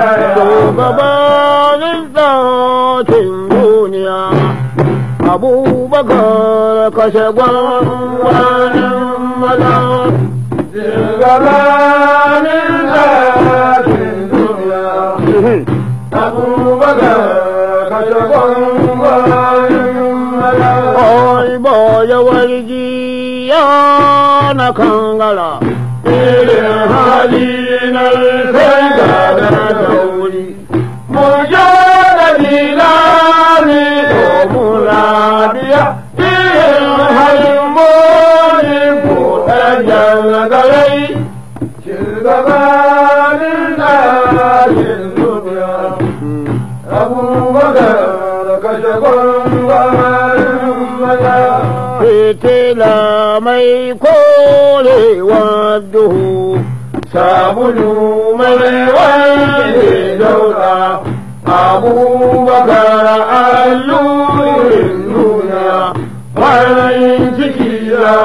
Shugabanin duniya abubakar kashe gwamnanin maza. Shugabanin na kangara. Ilin hali na fitila mai korewa duhu sabulu mai wanke dauda abubakar allurin nuna farin ciki ya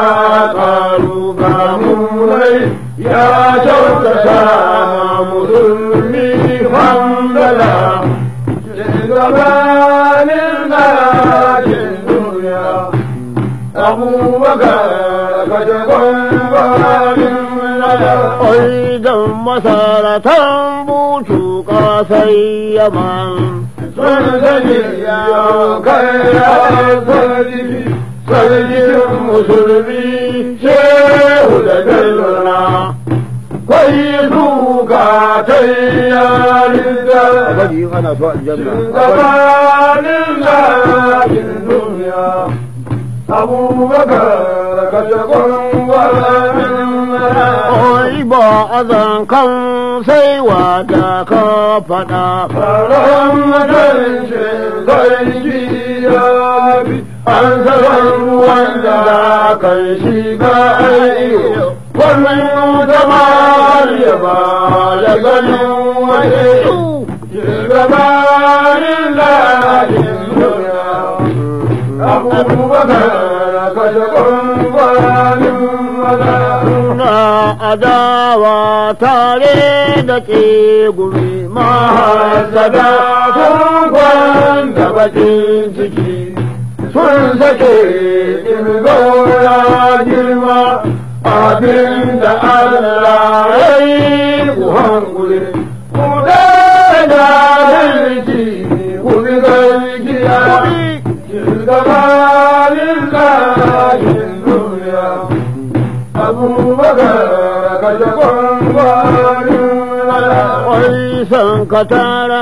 karu ga munai ya kyautata musulmi hamdala gabanin marakin duniya abubakar kaje gabanin Oi don masaratan butu ya kai ya sarki, sarkin musulmi shehu da kai lura. Ubangiji ya so aljanna. Gabanin lafin duniya, abubakar kashe kwangwalamin Ibo azan kan sai wata ka faɗa. Faran matan shi zai ya bi, an zaran wanda kan shiga yaba da ganin wani shugabanin lalacin duniya kashe adawa tare da ke gumi mahasada sun kwanta bakin ciki sun sake ilgora girma abin da Allah salim kayan duniya abubakar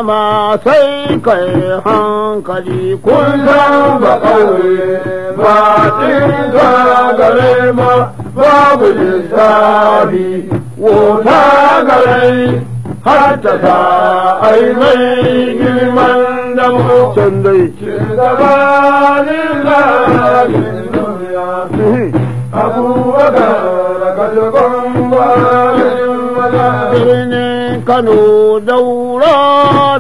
ma sai kai hankali kun san ba ƙauye ba tinka gare ma babu lissafi wota gare har ta sa ai mai girman Can dai. gaba Birnin Kano daura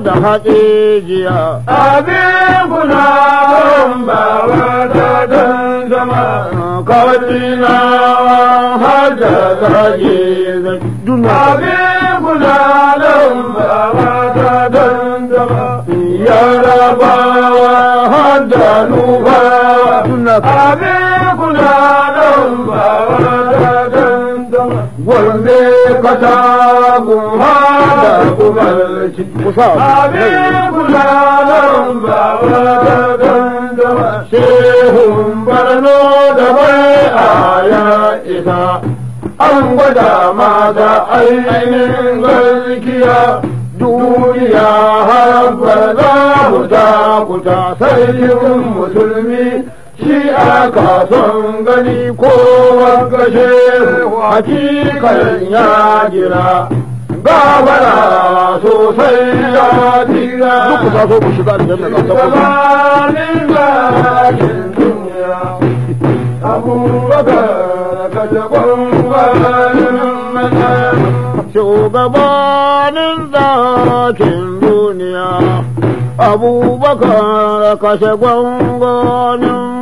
da haɗejiya. Abin kuna bawa ta don zama, kawai na har da zage zai. don zama, yarabawa gombe kata gumha da kumalci abi kulalan kuma da dandama shehun barno da bai aya isa an gwada ma mata ainihin gaskiya duniya har ba za mu ta kuta sai musulmi shi aka son gani ko gashe hakikar ya gira gabara sosai ya tira duk da so ku shiga da ga saboda zalin duniya abubakar ka jagon shugabanin zakin duniya abubakar kashe gwangwanin